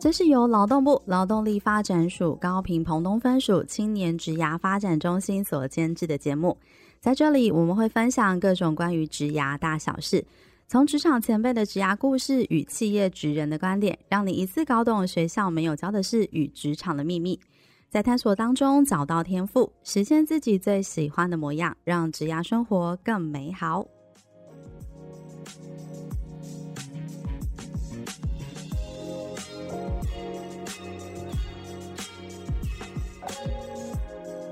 這是由勞動部勞動力發展署高屏澎東分署青年職涯發展中心所監製的節目，在這裡我們會分享各種關於職涯大小事，從職場前輩的職涯故事與企業職人的觀點，讓你一次搞懂學校沒有教的事與職場的祕密。在探索當中找到天賦，實現自己最喜歡的模樣，讓職涯生活更美好。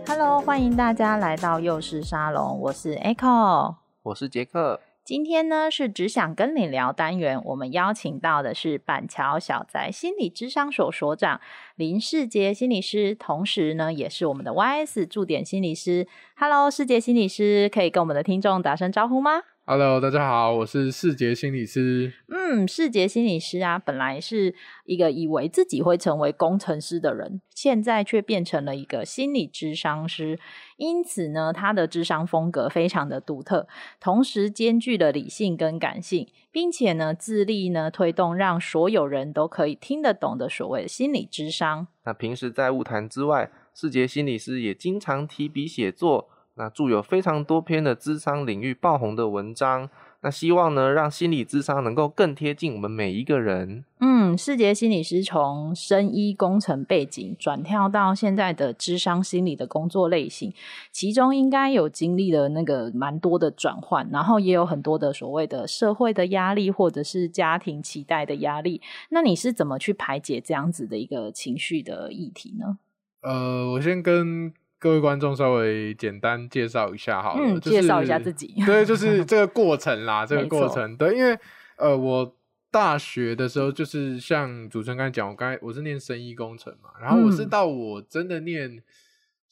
Hello，歡迎大家來到幼師沙龍，我是 Echo，我是傑克。今天呢是職想跟你聊單元，我們邀請到的是板橋小宅心理諮商所所長林士傑心理師，同時呢也是我們的 YS 駐點心理師。Hello，士傑心理師，可以跟我們的聽眾打聲招呼嗎？Hello，大家好，我是士傑心理師。嗯，士傑心理師啊，本來是一個以為自己會成為工程師的人，現在却變成了一個心理諮商師。因此呢，他的諮商風格非常的獨特，同時兼具了理性跟感性，並且呢，致力呢推動讓所有人都可以聽得懂的所謂心理諮商。那平時在晤談之外，士傑心理師也經常提筆寫作，那著有非常多篇的諮商領域爆紅的文章，那希望呢，讓心理諮商能夠更貼近我們每一個人。嗯，士傑心理師從生醫工程背景轉跳到現在的諮商心理的工作類型，其中應該有經歷了那個蠻多的轉換，然後也有很多的所謂的社會的壓力或者是家庭期待的壓力。那你是怎麼去排解這樣子的一個情緒的議題呢？呃，我先跟。各位觀眾，稍微簡單介紹一下好了，嗯，就是、介紹一下自己。對，就是這個過程啦， 這個過程。沒錯對，因為呃，我大學的時候就是像主持人剛才講，我剛才我是念生醫工程嘛，然後我是到我真的念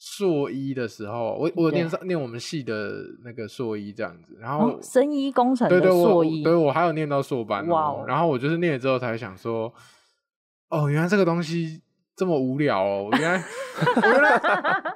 碩一的時候，嗯、我我念上對念我們系的那個碩一這樣子，然後、哦、生醫工程的碩一，對對，我對我還有念到碩班、哦、哇，然後我就是念了之後才想說，哦，原來這個東西。這麼無聊哦！我原來， 我原來，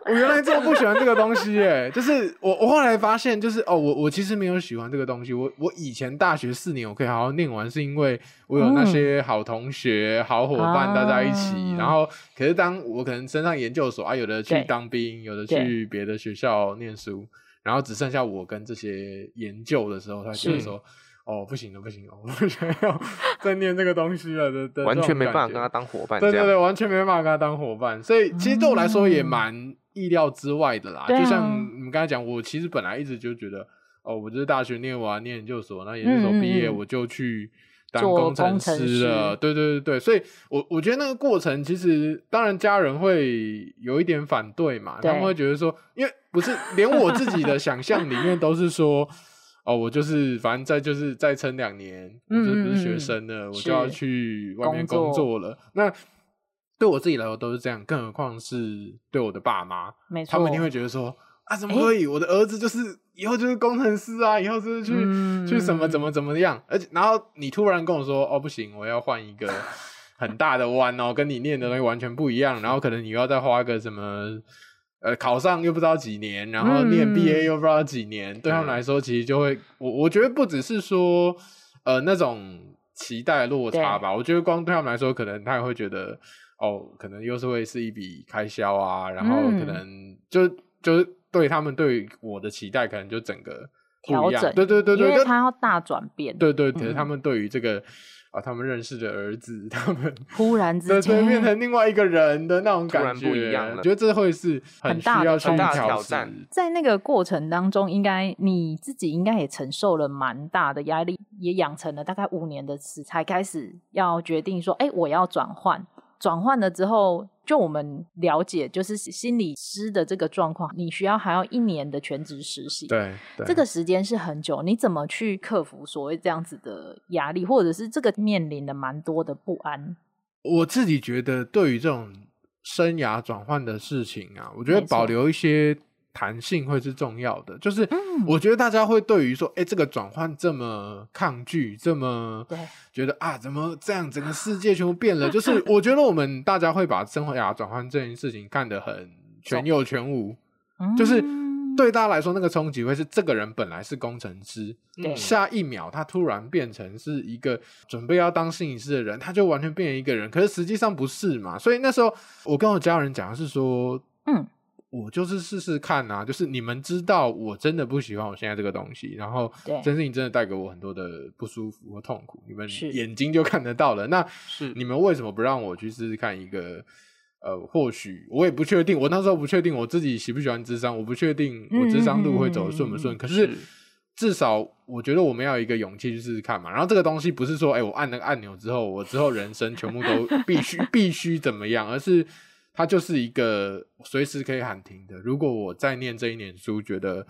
我原來這麼不喜歡這個東西哎、欸！ 就是我，我後來發現，就是哦，我我其實沒有喜歡這個東西。我我以前大學四年我可以好好念完，是因為我有那些好同學、嗯、好夥伴大家在一起。啊、然後，可是當我可能升上研究所啊，有的去當兵，對有的去別的學校念書，對然後只剩下我跟這些研究的時候，他就會說。哦，不行了，不行了，我、哦、不想要再念這個東西了的， 完全的完全沒辦法跟他當夥伴，對對對，完全沒辦法跟他當夥伴，所以其實對我來說也蠻意料之外的啦。嗯、就像你們剛才講，我其實本來一直就覺得，啊、哦，我就是大學念完，念研究所，那研究所畢業我就去當工程師了，師對對對對，所以我我覺得那個過程其實當然家人會有一點反對嘛，對他們會覺得說，因為不是連我自己的想象裡面都是說。 哦，我就是，反正再就是再撐兩年，我就是不是學生了，嗯嗯嗯，我就要去外面工作了。去工作。那對我自己來說都是這樣，更何況是對我的爸媽，沒錯，他們一定會覺得說啊，怎麼可以？欸？我的兒子就是以後就是工程師啊，以後就是去嗯嗯去什麼怎麼怎麼樣，而且然後你突然跟我說哦，不行，我要換一個很大的彎哦， 跟你念的東西完全不一樣，然後可能你又要再花個什麼。呃，考上又不知道幾年，然後念 B A 又不知道幾年，嗯、對他們來說其實就會，我我覺得不只是說呃那種期待落差吧，對我覺得光對他們來說，可能他也會覺得哦，可能又是會是一筆開銷啊，然後可能就、嗯、就是對他們對我的期待，可能就整個調整，了解對，對，對對對對，因為他要大轉變，對，對對，可是他們對於這個。嗯把、哦、他們認識的兒子，他們突然之間 變成另外一個人的那種感覺，突然不一樣了，我覺得這會是很需要去挑戰。在那個過程當中應，應該你自己應該也承受了蠻大的壓力，也養成了大概五年的時，才開始要決定說，哎、欸，我要轉換。轉換了之後，就我們了解，就是心理師的這個狀況，你需要還要一年的全職實習，對，對這個時間是很久。你怎麼去克服所謂這樣子的壓力，或者是這個面臨的蠻多的不安？我自己覺得，對於這種生涯轉換的事情啊，我覺得保留一些。彈性會是重要的，就是我覺得大家會對於說，哎、嗯，這個轉換這麼抗拒，這麼覺得對啊，怎麼這樣，整個世界全部變了？ 就是我覺得我們大家會把生活呀轉換這件事情看得很全有全無，嗯、就是對大家來說，那個衝擊會是這個人本來是工程師對、嗯，下一秒他突然變成是一個準備要當心理師的人，他就完全變成一個人，可是實際上不是嘛？所以那時候我跟我家人講的是說，嗯。我就是試試看啊，就是你們知道，我真的不喜歡我現在這個東西，然後這件事情真的帶給我很多的不舒服和痛苦，對你們眼睛就看得到了。是那你們為什麼不讓我去試試看一個？呃，或許我也不確定，我那時候不確定我自己喜不喜歡諮商，我不確定我諮商路會走得順不順。嗯、可是，是至少我覺得我們要有一個勇氣去試試看嘛。然後這個東西不是說，誒、欸，我按那個按鈕之後，我之後人生全部都必須 必須怎麼樣，而是。它就是一個隨時可以喊停的。如果我在念這一年書，覺得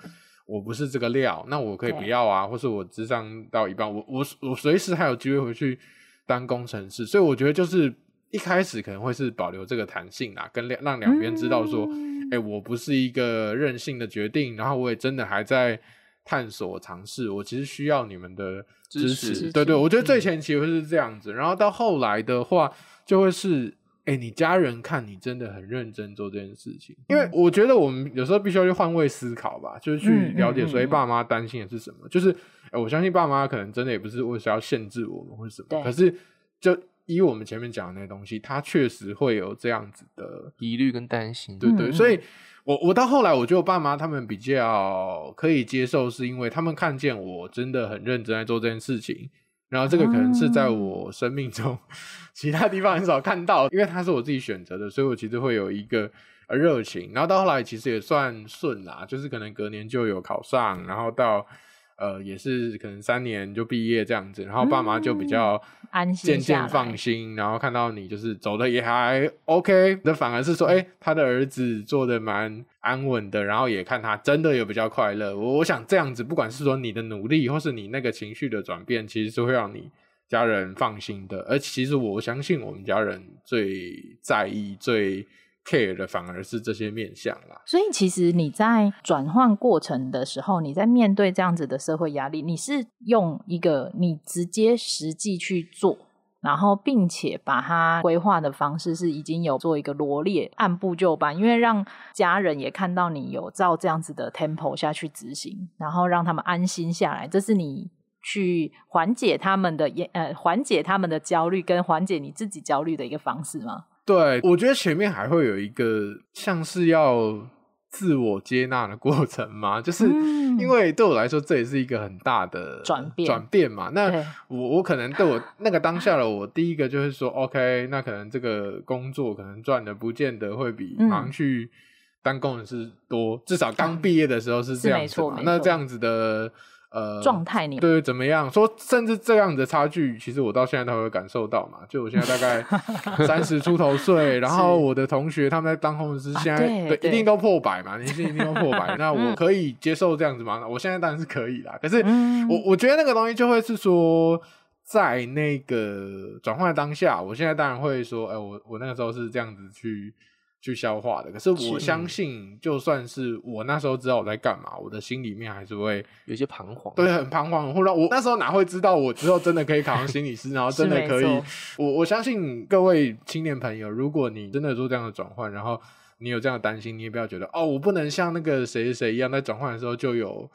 我不是這個料，那我可以不要啊，嗯、或是我只上到一半，我我我隨時還有機會回去當工程師。所以我覺得就是一開始可能會是保留這個彈性啊，跟兩讓兩邊知道說，哎、嗯欸，我不是一個任性的決定，然後我也真的還在探索嘗試，我其實需要你們的支持。支持支持對對，我覺得最前期會是這樣子，嗯、然後到後來的話就會是。哎、欸，你家人看你真的很認真做這件事情，因為我覺得我們有時候必須要去換位思考吧，就是去了解，所以爸媽擔心的是什麼？嗯嗯嗯嗯、就是，哎、欸，我相信爸媽可能真的也不是為什麼要限制我們，或什麼。對。可是，就以我們前面講的那些東西，他確實會有這樣子的疑慮跟擔心，對，對對。所以我，我我到後來，我覺得我爸媽他們比較可以接受，是因為他們看見我真的很認真在做這件事情。然後這個可能是在我生命中，其他地方很少看到，嗯、因為它是我自己選擇的，所以我其實會有一個熱情。然後到後來其實也算順啦，就是可能隔年就有考上，然後到。呃，也是可能三年就畢業這樣子，然後爸媽就比較、嗯、安心、漸漸放心，來然後看到你就是走的也還 OK，那反而是說，哎、欸，他的兒子做的蠻安穩的，然後也看他真的也比較快樂。我我想這樣子，不管是說你的努力，或是你那個情緒的轉變，其實是會讓你家人放心的。而其實我相信，我們家人最在意、最 care 的反而是這些面向啦、啊，所以其實你在轉換過程的時候，你在面對這樣子的社會壓力，你是用一個你直接實際去做，然後並且把它規劃的方式是已經有做一個羅列，按部就班，因為讓家人也看到你有照這樣子的 tempo 下去執行，然後讓他們安心下來，這是你去緩解他們的呃緩解他們的焦慮跟緩解你自己焦慮的一個方式嗎？對，我覺得前面還會有一個像是要自我接納的過程嘛，嗯、就是因為對我來說這也是一個很大的轉變轉變,轉變嘛。那我 okay, 我可能對我 那個當下的我，第一個就是說，OK，那可能這個工作可能賺的不見得會比忙去當工人是多，嗯、至少剛畢業的時候是這樣子。嗯、沒錯沒錯那這樣子的。呃，狀態你對怎麼樣說？甚至這樣的差距，其實我到現在都會感受到嘛。就我現在大概三十出頭歲， 然後我的同學他們在當工程師，現在、啊、對一定都破百嘛，年薪一定都破百。 那我可以接受這樣子嗎？ 我現在當然是可以啦。可是我我覺得那個東西就會是說，在那個轉換的當下，我現在當然會說，哎、欸，我我那個時候是這樣子去。去消化的，可是我相信，就算是我那時候知道我在幹嘛，我的心裡面還是會有些彷徨，對，很彷徨，或者我那時候哪會知道，我之後真的可以考上心理師， 然後真的可以，我我相信各位青年朋友，如果你真的做這樣的轉換，然後你有這樣的擔心，你也不要覺得，哦，我不能像那個誰誰誰一樣，在轉換的時候就有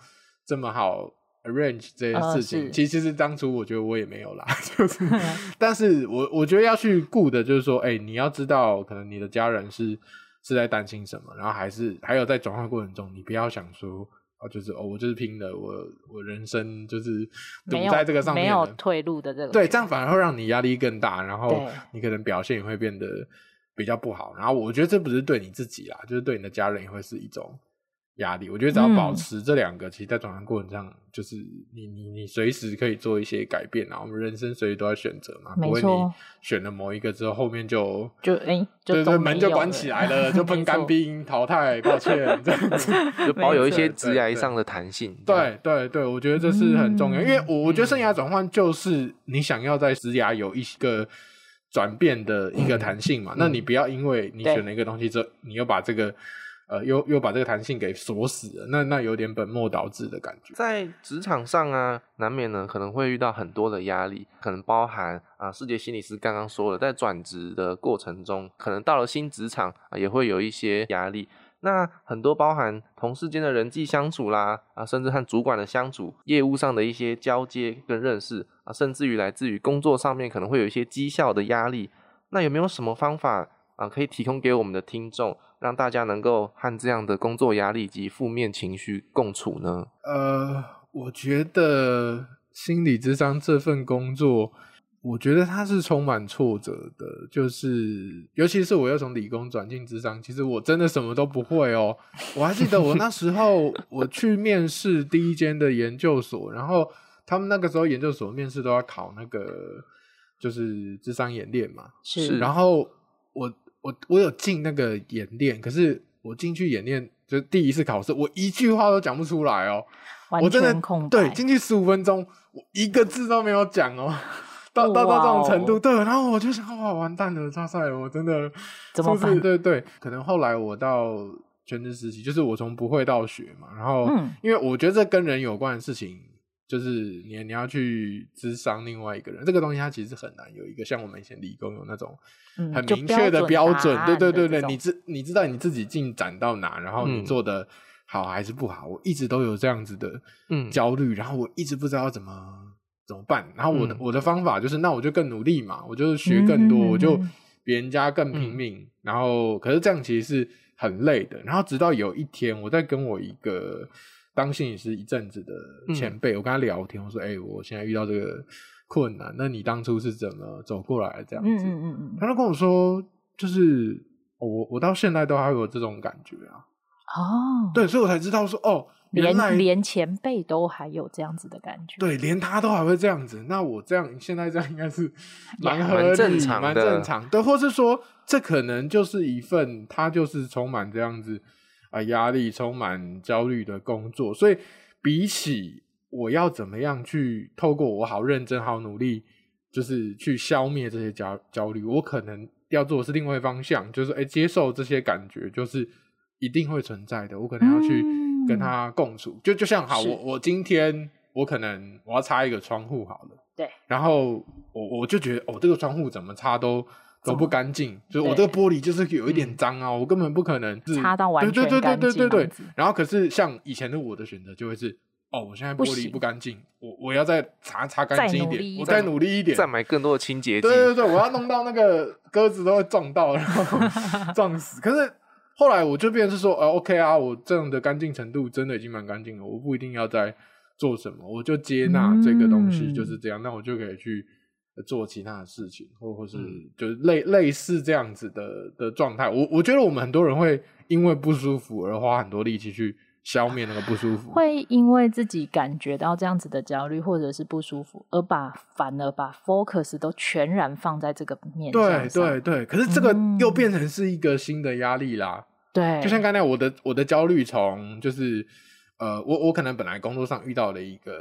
這麼好。Arrange 這些事情，呃、其實是當初我覺得我也沒有啦，就是， 但是我我覺得要去顧的，就是說，哎、欸，你要知道，可能你的家人是是在擔心什麼，然後還是還有在轉換過程中，你不要想說，哦，就是哦，我就是拼的，我我人生就是賭在這個上面沒，沒有退路的這種，對，這樣反而會讓你壓力更大，然後你可能表現也會變得比較不好，對然後我覺得這不是對你自己啦，就是對你的家人也會是一種。壓力，我覺得只要保持這兩個，其實在轉換過程中，就是你你你隨時可以做一些改變。然後我們人生隨時都要選擇嘛，不會你選了某一個之後，後面就就哎，就門就關起來了，就噴乾冰淘汰，抱歉，這樣子就保有一些職涯上的彈性。對對對，我覺得這是很重要，因為我我覺得生涯轉換就是你想要在職涯有一個轉變的一個彈性嘛。那你不要因為你選了一個東西之後，你又把這個。呃，又又把這個彈性給鎖死了，那那有點本末倒置的感覺。在職場上啊，難免呢可能會遇到很多的壓力，可能包含啊，士傑心理師剛剛說了，在轉職的過程中，可能到了新職場啊，也會有一些壓力。那很多包含同事間的人際相處啦，啊，甚至和主管的相處，業務上的一些交接跟認識啊，甚至於來自於工作上面可能會有一些績效的壓力。那有沒有什麼方法啊，可以提供給我們的聽眾？讓大家能夠和這樣的工作壓力及負面情緒共處呢？呃，我覺得心理諮商這份工作，我覺得它是充滿挫折的。就是，尤其是我要從理工轉進諮商，其實我真的什麼都不會哦。我還記得我那時候 我去面試第一間的研究所，然後他們那個時候研究所面試都要考那個就是諮商演練嘛，是，是。然後我。我我有進那個演練，可是我進去演練，就是第一次考試，我一句話都講不出來哦，完全我真的對進去十五分鐘，我一個字都沒有講哦，到哦到到這種程度，對，然後我就想哇，完蛋了，剉賽了，我真的，怎麼辦？對，可能後來我到全職實習，就是我從不會到學嘛，然後，嗯，因為我覺得這跟人有關的事情。就是你，你要去諮商另外一個人，這個東西它其實很難有一個像我們以前理工有那種很明確的標準，嗯，標準啊、對對對對，你知你，你知道你自己進展到哪，然後你做的好還是不好，我一直都有這樣子的焦慮，嗯、然後我一直不知道怎麼怎麼辦，然後我的、嗯、我的方法就是那我就更努力嘛，我就學更多，嗯嗯嗯嗯，我就比人家更拼命，嗯嗯，然後可是這樣其實是很累的，然後直到有一天我在跟我一個當心理師，也是一陣子的前輩，嗯、我跟他聊天，我說：“哎、欸，我現在遇到這個困難，那你當初是怎麼走過來？這樣子？”嗯嗯，嗯他就跟我說：“就是我，我到現在都還有這種感覺啊。”哦，對，所以我才知道說：“哦，來連連前輩都還有這樣子的感覺，對，連他都還會這樣子。”那我這樣現在這樣應該是蠻合理、蠻正常的，常的對，或是說這可能就是一份，他就是充滿這樣子。啊，壓力充滿焦慮的工作，所以比起我要怎麼樣去透過我好認真、好努力，就是去消滅這些焦焦慮，我可能要做的是另外一方向，就是誒、欸，接受這些感覺，就是一定會存在的，我可能要去跟他共處。嗯，就就像好，是我我今天我可能我要擦一個窗戶，好了，對，然後我我就覺得哦，這個窗戶怎麼擦都。都不乾淨，就是我這個玻璃就是有一點髒啊，對我根本不可能是、嗯、擦到完全乾淨。對對對對對對對。然後，可是像以前的我的選擇，就會是哦，我現在玻璃不乾淨，行我我要再擦擦乾淨一點，再我再努力一點，再，再買更多的清潔劑。對對對，我要弄到那個鴿子都會撞到，然後撞死。 可是後來我就變成是說，呃，OK 啊，我這樣的乾淨程度真的已經蠻乾淨了，我不一定要再做什麼，我就接納這個東西就是這樣，嗯、那我就可以去。做其他的事情，或或是就是類、嗯、類似這樣子的的狀態，我我覺得我們很多人會因為不舒服而花很多力氣去消滅那個不舒服，會因為自己感覺到這樣子的焦慮或者是不舒服而把反而把 focus 都全然放在這個面向上。對對對，可是這個又變成是一個新的壓力啦。對、嗯，就像剛才我的我的焦慮從就是呃，我我可能本來工作上遇到了一個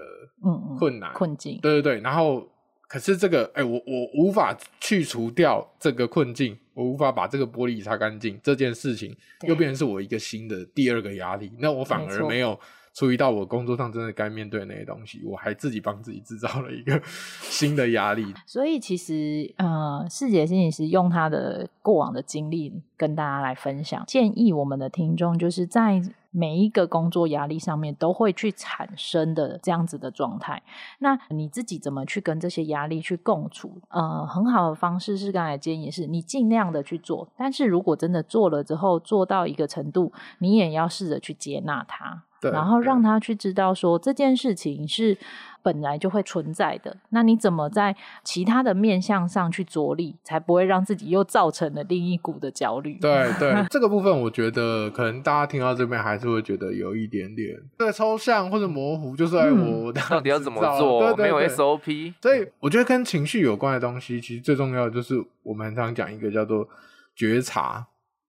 嗯困難嗯嗯困境，對對對，然後。可是這個，哎、欸，我我無法去除掉這個困境，我無法把這個玻璃擦乾淨，這件事情又變成是我一個新的第二個壓力，對那我反而沒有。沒注意到我工作上真的該面對的那些東西，我還自己幫自己製造了一個新的壓力。所以其實，呃，士傑心理師用他的過往的經歷跟大家來分享，建議我們的聽眾就是在每一個工作壓力上面都會去產生的這樣子的狀態。那你自己怎麼去跟這些壓力去共處？呃，很好的方式是剛才建議是，你盡量的去做，但是如果真的做了之後做到一個程度，你也要試着去接納它。對然後讓他去知道說，這件事情是本來就會存在的，那你怎麼在其他的面向上去着力，才不會讓自己又造成了另一股的焦慮？對對，對 這個部分我覺得可能大家聽到這邊還是會覺得有一點點對抽象或者模糊，就是我、嗯、到底要怎麼做對沒有 SOP？所以我覺得跟情緒有關的東西，其實最重要的就是我們很常講一個叫做覺察。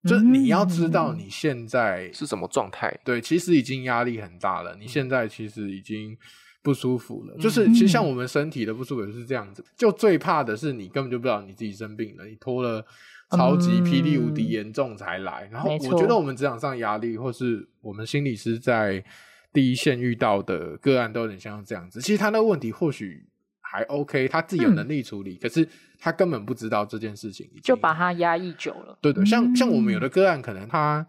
就是你要知道你現在是什麼狀態，對，其實已經壓力很大了。嗯、你現在其實已經不舒服了，嗯、就是其實像我們身體的不舒服也是這樣子，就最怕的是你根本就不知道你自己生病了，你拖了超級霹靂無敵嚴重才來。嗯、然後我覺得我們職場上壓力，或是我們心理師在第一線遇到的個案都有點像這樣子。其實他那個問題或許。還 OK，他自己有能力處理，嗯、可是他根本不知道這件事情已經，已就把他壓抑久了。對對，像像我們有的個案，可能他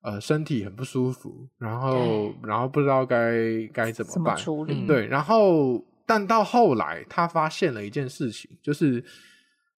呃身體很不舒服，然後、嗯、然後不知道該該怎麼辦麼處理、嗯。對，然後但到後來，他發現了一件事情，就是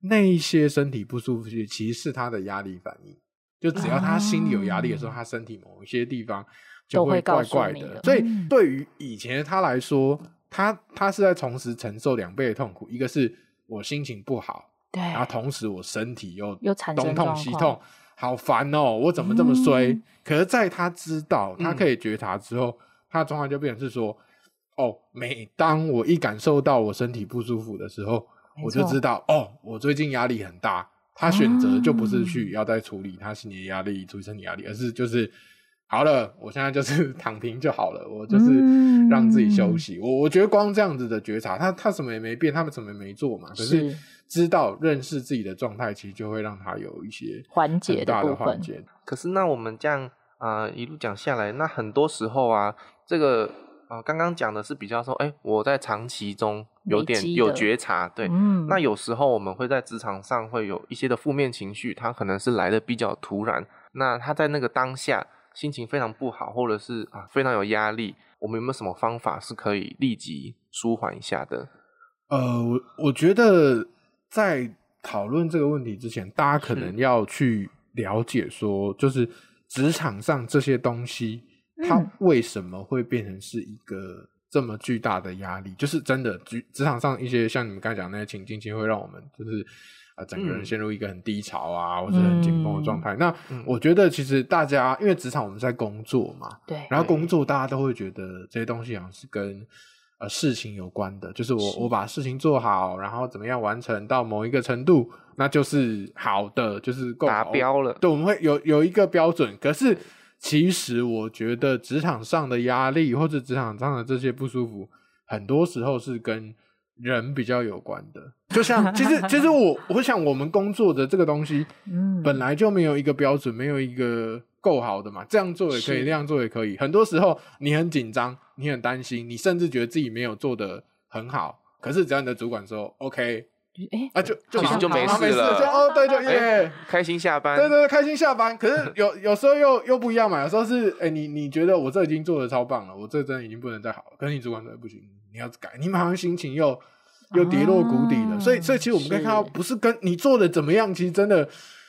那一些身體不舒服，其實是他的壓力反應。就只要他心裡有壓力的時候，啊、他身體某一些地方就會怪怪的。所以對於以前他來說。他他是在同時承受兩倍的痛苦，一個是我心情不好，對然後同時我身體又東痛西痛，好煩哦！我怎麼這麼衰？嗯、可是在他知道他可以覺察之後，他的狀況就變成是說，嗯、哦，每當我一感受到我身體不舒服的時候，沒錯我就知道，哦，我最近壓力很大。他選擇就不是去要再處理他心理壓力，處理生理壓力，而是就是。好了，我現在就是躺平就好了，我就是讓自己休息。嗯、我我覺得光這樣子的覺察，他他什麼也沒變，他們什麼也沒做嘛。是。可是知道認識自己的狀態，其實就會讓他有一些緩解大的緩解。解，可是那我們這樣啊、呃、一路講下來，那很多時候啊，這個啊剛剛講的是比較說，哎、欸，我在長期中有點有覺察，對。嗯、那有時候我們會在職場上會有一些的負面情緒，它可能是來得比較突然。那他在那個當下。心情非常不好，或者是啊非常有壓力，我們有沒有什麼方法是可以立即舒緩一下的？呃，我我覺得在討論這個問題之前，大家可能要去了解說，是就是職場上這些東西，它為什麼會變成是一個這麼巨大的壓力？嗯、就是真的，職場上一些像你們剛才講那些情境，其實會讓我們就是。啊、呃，整個人陷入一個很低潮啊，嗯、或者很緊繃的狀態。嗯、那、嗯、我覺得，其實大家因為職場我們在工作嘛，對，然後工作大家都會覺得這些東西好像是跟對呃事情有關的，就是我是我把事情做好，然後怎麼樣完成到某一個程度，那就是好的，就是夠達標了。對，我們會有有一個標準。可是其實我覺得職場上的壓力或者職場上的這些不舒服，很多時候是跟人比較有關的，就像其實其實我我想我們工作的這個東西， 嗯，本來就沒有一個標準，沒有一個夠好的嘛。這樣做也可以，那是樣做也可以。很多時候你很緊張，你很擔心，你甚至覺得自己沒有做得很好。可是只要你的主管說 OK，哎、欸欸、啊就就就沒事了，啊、沒事了哦對對，耶、yeah 欸，開心下班。對,對對，開心下班。可是有有時候又又不一樣嘛。有時候是哎、欸、你你覺得我這已經做得超棒了，我這真的已經不能再好了。可是你主管說不行。你要改，你們好像心情又又跌落谷底了，啊、所以，所以其實我們可以看到，不是跟你做的怎麼樣，是其實真的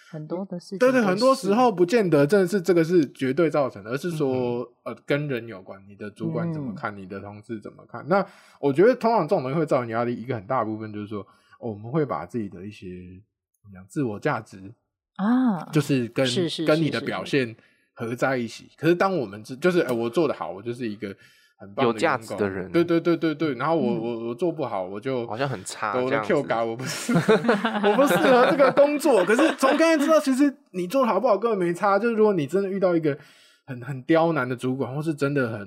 很多的事情，但是很多時候不見得真的是這個是絕對造成的，而是說、嗯、哼呃跟人有關，你的主管怎麼看，嗯、你的同事怎麼看。那我覺得通常這種人會造成壓力，一個很大部分就是說，哦、我們會把自己的一些自我價值啊，就是跟是是是是跟你的表現合在一起。可是當我們就是、欸、我做得好，我就是一個。有價值的人，對對對對對。然後我我、嗯、我做不好，我就 S, 好像很差。我的 Q 咖，我不是， 我不適合這個工作。 可是從剛才知道，其實你做好不好根本沒差。就是如果你真的遇到一個很很刁難的主管，或是真的很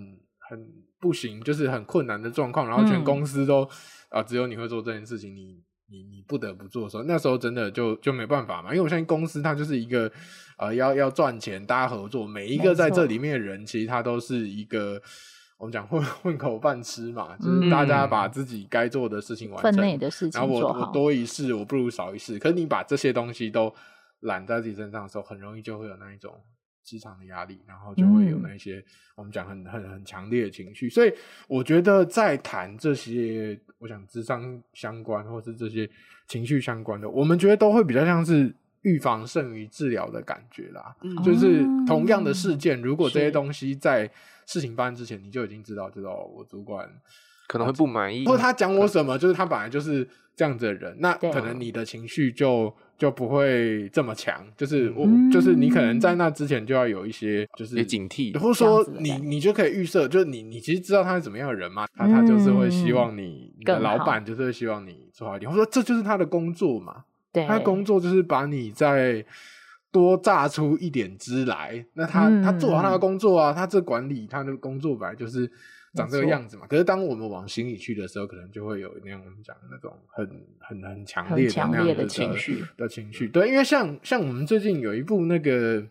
很不行，就是很困難的狀況，然後全公司都、嗯、啊只有你會做這件事情，你你你不得不做的時候，那時候真的就就沒辦法嘛。因為我相信公司它就是一個啊、呃、要要賺錢，大家合作，每一個在這裡面的人錯其實他都是一個。我們講混混口飯吃嘛，就是大家把自己該做的事情完成，嗯、分內的事情做好然後我，我多一事我不如少一事。可是你把這些東西都攬在自己身上的時候，很容易就會有那一種職場的壓力，然後就會有那一些、嗯、我們講很很很強烈的情緒。所以我覺得在談這些，我想諮商相關或是這些情緒相關的，我們覺得都會比較像是。預防勝於治療的感覺啦，就是同樣的事件，如果這些東西在事情發生之前你就已經知道，知道我主管可能會不滿意，或他講我什麼，就是他本來就是這樣子的人，那可能你的情緒就就不會這麼強，就是我就是你可能在那之前就要有一些就是警惕，或者說你你就可以預設，就是你你其實知道他是怎麼樣的人嘛，他他就是會希望你，你的老闆就是會希望你做好一點，或者說這就是他的工作嘛。對他的工作就是把你再多榨出一點汁來。嗯、那他他做好他的工作啊，嗯、他這管理他的工作本來就是長這個樣子嘛。錯可是當我們往心裡去的時候，可能就會有那樣我們講的那種很很很強烈、很強烈的，的，的情緒的，的情緒。對，因為像像我們最近有一部那個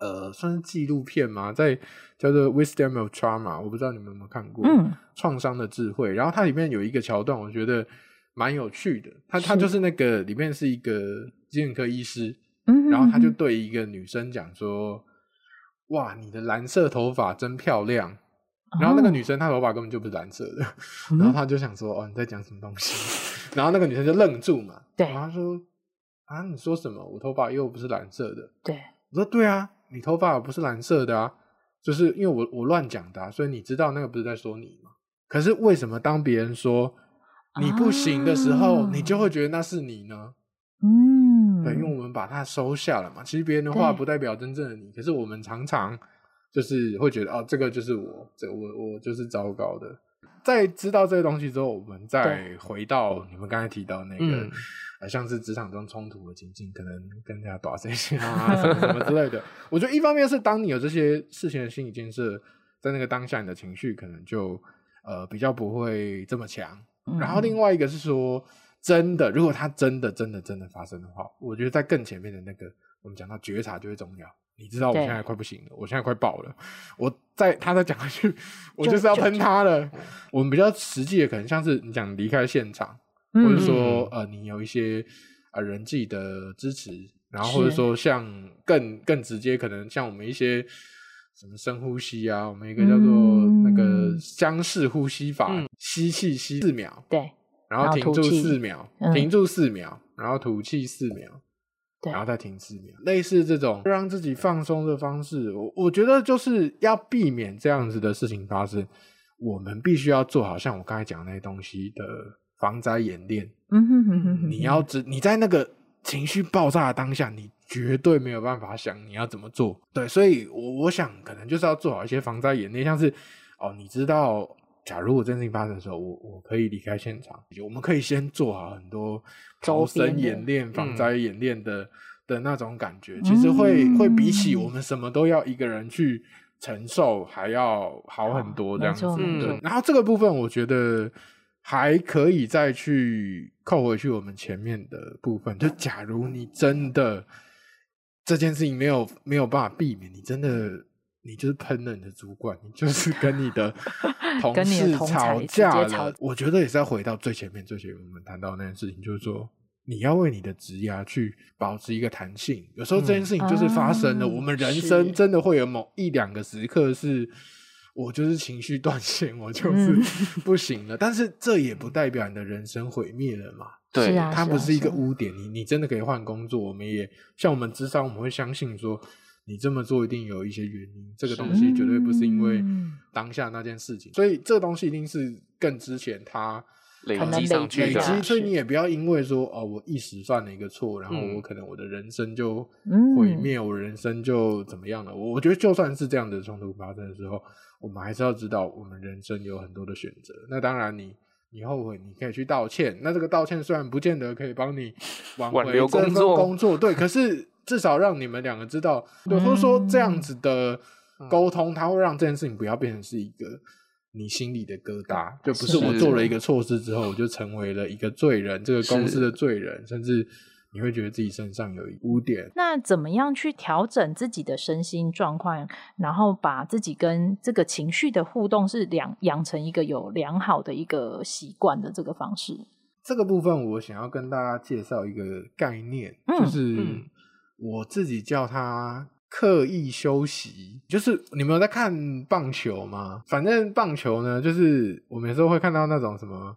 呃，算是紀錄片嘛，在叫做《Wisdom of Trauma》，我不知道你們有沒有看過。嗯。創傷的智慧，然後它裡面有一個橋段，我覺得。蠻有趣的，他是他就是那個裡面是一個精神科醫師，嗯哼嗯哼，然後他就對一個女生講說：“哇，你的藍色頭髮真漂亮。哦”然後那個女生她頭髮根本就不是藍色的，嗯、然後他就想說：“哦，你在講什麼東西？” 然後那個女生就愣住嘛，對，然後他說：“啊，你說什麼？我頭髮又不是藍色的。”對，我說：“對啊，你頭髮不是藍色的啊，就是因為我我亂講的、啊，所以你知道那個不是在說你嘛？可是為什麼當別人說？”你不行的時候，啊、你就會覺得那是你呢，嗯，對，因為我們把它收下了嘛。其實別人的話不代表真正的你，對可是我們常常就是會覺得，哦，這個就是我，這個、我我就是糟糕的。在知道這些東西之後，我們再回到你們剛才提到那個，對呃、像是職場中衝突的情境，嗯、可能跟人家打這些啊什麼什麼之類的。 我覺得一方面是當你有這些事情的心理建設，在那個當下，你的情緒可能就呃比較不會這麼強。然後另外一個是說，真的，嗯、如果他真的真的真的發生的話，我覺得在更前面的那個，我們講到覺察就會重要。你知道我現在快不行了，對我現在快爆了。我在他再講下去，就我就是要噴他了。我們比較實際的，可能像是你講離開現場，嗯嗯或者說呃，你有一些呃人際的支持，然後或者說像更是更直接，可能像我們一些什麼深呼吸啊，我們一個叫做、嗯。風箱式呼吸法，嗯、吸氣吸四秒，對，然後停住四秒，停住四秒，然後吐氣四秒，對，然後再停四秒。類似這種讓自己放鬆的方式，對我我覺得就是要避免這樣子的事情發生，我們必須要做好像我剛才講那些東西的防災演練。嗯哼哼哼，哼，哼，哼，你要知你在那個情緒爆炸的當下，你絕對沒有辦法想你要怎麼做。對，所以我我想可能就是要做好一些防災演練，像是。哦，你知道，假如我真的發生的時候，我我可以離開現場。我們可以先做好很多逃生演練，防災演練的、嗯、的那種感覺。其實會、嗯、會比起我們什麼都要一個人去承受、嗯、還要好很多這樣子。啊、對。嗯、然後這個部分，我覺得還可以再去扣回去我們前面的部分。就假如你真的這件事情沒有沒有辦法避免，你真的。你就是噴了你的主管，你就是跟你的同事吵架了。 我覺得也是要回到最前面，最前面我們談到那件事情，就是說你要為你的職涯去保持一個彈性。嗯、有時候這件事情就是發生了，嗯、我們人生真的會有某一兩個時刻是，是我就是情緒斷線，我就是不行了。嗯、但是這也不代表你的人生毀滅了嘛？對，啊啊、它不是一個污點，啊啊、你你真的可以換工作。我們也像我們至少我們會相信說。你這麼做一定有一些原因，這個東西絕對不是因為當下那件事情，嗯、所以這個東西一定是更之前他累積上去累積，所以你也不要因為說是哦，我一時犯了一個錯，然後我可能我的人生就毀滅，嗯、我人生就怎麼樣了。我我覺得就算是這樣的衝突發生的時候，我們還是要知道我們人生有很多的選擇。那當然你，你你後悔，你可以去道歉。那這個道歉雖然不見得可以幫你挽回工作，工作對，可是至少讓你們兩個知道，對，或者說這樣子的溝通，嗯、它會讓這件事情不要變成是一個你心裡的疙瘩，就不是我做了一個錯事之後，是我就成為了一個罪人，這個公司的罪人，是甚至你會覺得自己身上有污點。那怎麼樣去調整自己的身心狀況，然後把自己跟這個情緒的互動是兩，養成一個有良好的一個習慣的這個方式？這個部分，我想要跟大家介紹一個概念，就是。嗯嗯我自己叫他刻意休息，就是你們有在看棒球嗎？反正棒球呢，就是我們有時候會看到那種什麼，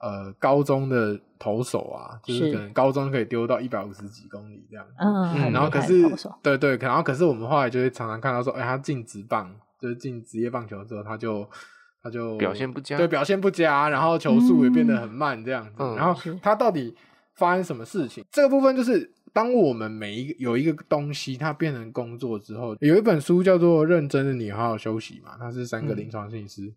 呃，高中的投手啊，就是可能高中可以丟到一百五十幾公里這樣。嗯，嗯然後可是，對，對對，然後可是我們後來就會常常看到說，哎、欸，他進職棒，就是進職業棒球之後，他就他就表現不佳，對，表現不佳，然後球速也變得很慢這樣子。嗯、然後他到底發生什麼事情？這個部分就是。當我們每一個有一個東西，它變成工作之後，有一本書叫做《認真的你，好好休息》嘛，它是三個臨床心理師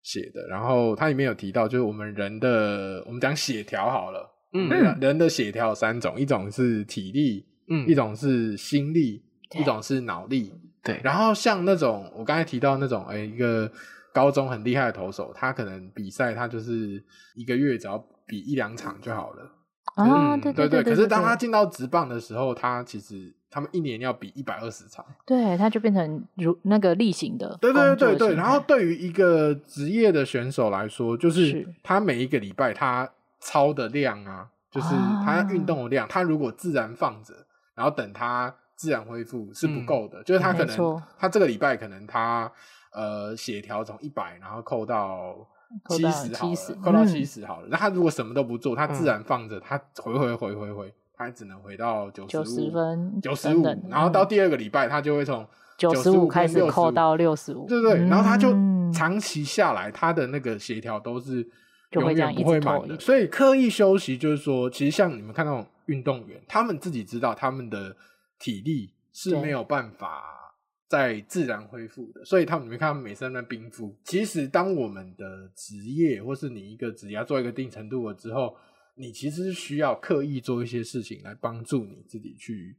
寫的，嗯、然後它裡面有提到，就是我們人的，我們講血條好了，嗯，人的血條有三種，一種是體力，嗯，一種是心力，嗯、一種是腦力，對。然後像那種我剛才提到那種，哎，一個高中很厲害的投手，他可能比賽，他就是一個月只要比一兩場就好了。嗯、啊，對對對，對！可是當他進到職棒的時候，對對對對對，他其實他們一年要比一百二十場。對，他就變成如那個例行的，的。對對對對對。然後對於一個職業的選手來說，就是他每一個禮拜他操的量啊，是就是他運動的量，啊、他如果自然放着，然後等他自然恢復是不夠的。嗯、就是他可能錯他這個禮拜可能他呃血條從一百然後扣到。七十好了，70，扣到七十好了。那、嗯、他如果什麼都不做，他自然放着，他回回回回回，他只能回到九十五分九十五。95, 的然後到第二個禮拜，嗯、他就會從九十五開始扣到六十五。對對。嗯、然後他就長期下來，他的那個協調都是永遠不會滿的。所以刻意休息，就是說，其實像你們看那種運動員，他們自己知道他們的體力是沒有辦法在自然恢復的，所以他們沒看美聲的冰敷。其實，當我們的職業或是你一個職業要做一個定程度了之後，你其實是需要刻意做一些事情來幫助你自己去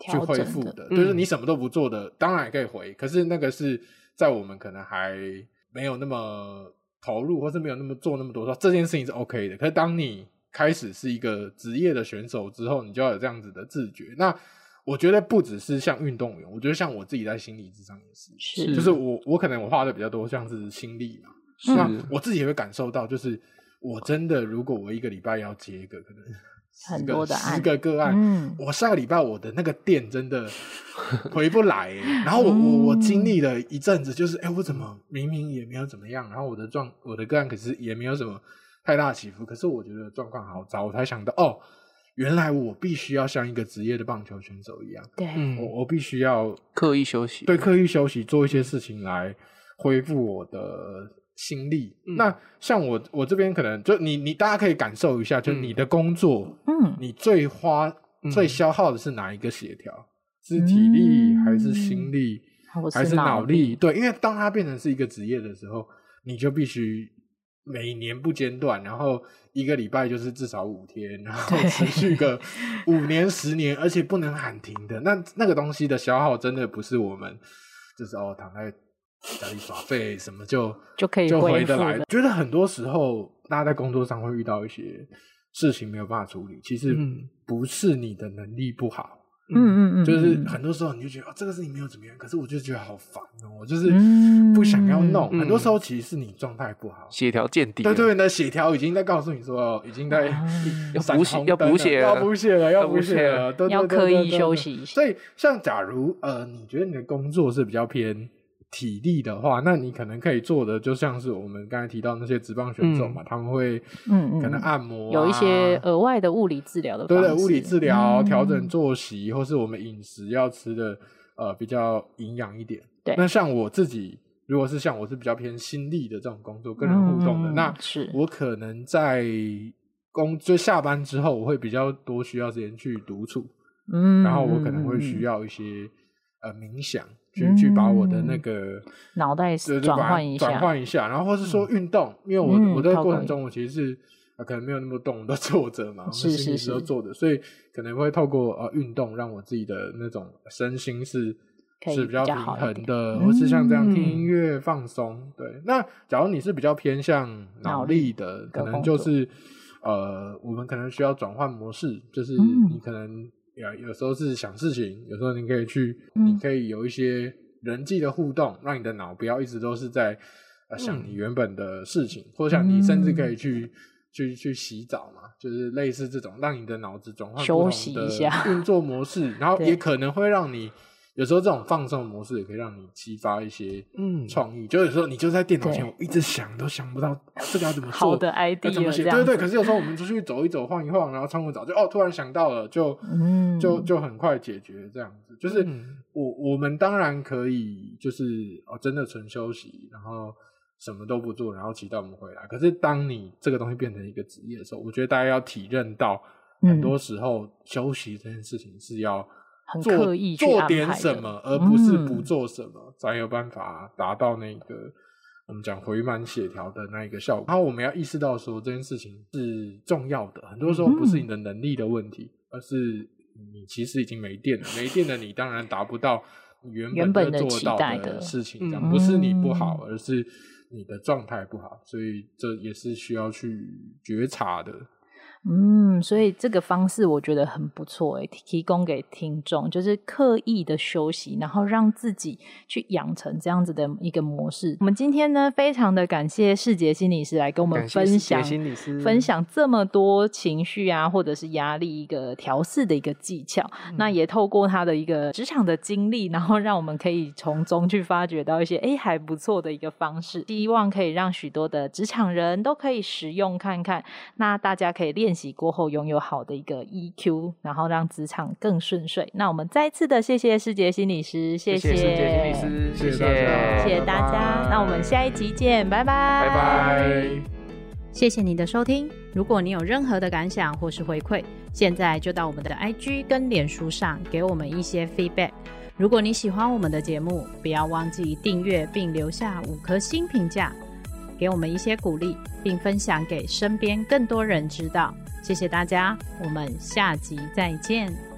去恢復的。嗯、就是你什麼都不做的，當然也可以回。可是那個是在我們可能還沒有那麼投入，或是沒有那麼做那麼多，這件事情是 OK 的。可是當你開始是一個職業的選手之後，你就要有這樣子的自覺。那我覺得不只是像運動員，我覺得像我自己在心理諮商也是，是就是我我可能我花的比較多，像是心力嘛，那是我自己也會感受到，就是我真的如果我一個禮拜要接一個可能十個，很多的十個個案，嗯、我下個禮拜我的那個店真的回不來，欸， 然後我我我經歷了一陣子，就是哎，欸，我怎麼明明也沒有怎麼樣，然後我的狀我的個案可是也沒有什麼太大的起伏，可是我覺得狀況好糟，我才想到哦。原來我必須要像一個職業的棒球選手一樣，對，我我必須要刻意休息，對，對，刻意休息，做一些事情來恢復我的心力。嗯、那像我我這邊可能就你你大家可以感受一下，就你的工作，嗯，你最花、嗯、最消耗的是哪一個協調？嗯、是體力還是心力還是腦力？腦力對，因為當它變成是一個職業的時候，你就必須。每年不間斷，然後一個禮拜就是至少五天，然後持續個五年、十對 年，年，而且不能喊停的。 那那個東西的消耗，真的不是我們就是哦，躺在家裡耍廢、e、什麼就就可以就回得來。覺得很多時候，大家在工作上會遇到一些事情沒有辦法處理，其實不是你的能力不好。嗯嗯嗯嗯，嗯就是很多時候你就覺得、嗯、哦，這個事情沒有怎麼樣，可是我就覺得好煩哦，我就是不想要弄。嗯、很多時候其實是你狀態不好，血條見底。對對，對，那血條已經在告訴你說，已經在補、啊、血了，要補血了，要補血了，要補血了，對對對，要刻意休息一下。所以，像假如呃，你覺得你的工作是比較偏體力的話，那你可能可以做的，就像是我們剛才提到那些職棒選手嘛，嗯、他們會可能按摩、啊，有一些額外的物理治療的，對，對，物理治療、調、嗯、整作息，或是我們飲食要吃的呃比較營養一點。對，那像我自己，如果是像我是比較偏心力的這種工作，跟人互動的，嗯、那是我可能在工是就下班之後，我會比較多需要時間去獨處，嗯，然後我可能會需要一些呃冥想。去去把我的那個腦袋轉換一下，轉換一下，然後或是說運動，因為我我在過程中，我其實是可能沒有那麼動，我都坐着嘛，是是是坐着，所以可能會透過呃運動，讓我自己的那種身心是是比較平衡的，或是像這樣聽音樂放鬆。對，那假如你是比較偏向腦力的，可能就是呃，我們可能需要轉換模式，就是你可能。有、yeah, 有時候是想事情，有時候你可以去，嗯、你可以有一些人際的互動，讓你的腦不要一直都是在呃、嗯、想你原本的事情，或者像你甚至可以去、嗯、去去洗澡嘛，就是類似這種，讓你的腦子轉換休息一下運作模式，然後也可能會讓你。有時候這種放鬆的模式也可以讓你激發一些嗯創意。嗯、就有時候你就在電腦前。對我一直想都想不到這個要怎麼做，好的 idea，要怎麼寫。對對對。可是有時候我們出去走一走、晃一晃，然後沖個澡，就哦，突然想到了，就、嗯、就就很快解決這樣子。就是、嗯、我我們當然可以，就是哦，真的純休息，然後什麼都不做，然後期待我們回來。可是當你這個東西變成一個職業的時候，我覺得大家要體認到，很多時候休息這件事情是要。嗯很刻意做做點什麼，而不是不做什麼，嗯、才有辦法達到那個我們講回滿血條的那一個效果。然後我們要意識到說，這件事情是重要的。很多時候不是你的能力的問題，嗯、而是你其實已經沒電了。沒電的你，當然達不到你原本的做到的事情這樣。嗯、不是你不好，而是你的狀態不好。所以這也是需要去覺察的。嗯，所以這個方式我覺得很不錯哎、欸，提供給聽眾就是刻意的休息，然後讓自己去養成這樣子的一個模式。我們今天呢，非常的感謝士傑心理師來跟我們分享，分享這麼多情緒啊，或者是壓力一個調適的一個技巧。嗯、那也透過他的一個職場的經歷，然後讓我們可以從中去發掘到一些哎、欸，還不錯的一個方式，希望可以讓許多的職場人都可以使用看看。那大家可以練。洗過後擁有好的一個 EQ，然後讓職場更順遂。那我們再次的謝謝士傑心理師，謝謝士傑心理師，謝謝謝謝大家。那我們下一集見，拜拜拜拜，謝謝你的收聽。如果你有任何的感想或是回饋，現在就到我們的 IG 跟臉書上給我們一些 feedback。如果你喜歡我們的節目，不要忘記訂閱並留下五顆星評價，給我們一些鼓勵，並分享給身邊更多人知道。謝謝大家，我們下集再見。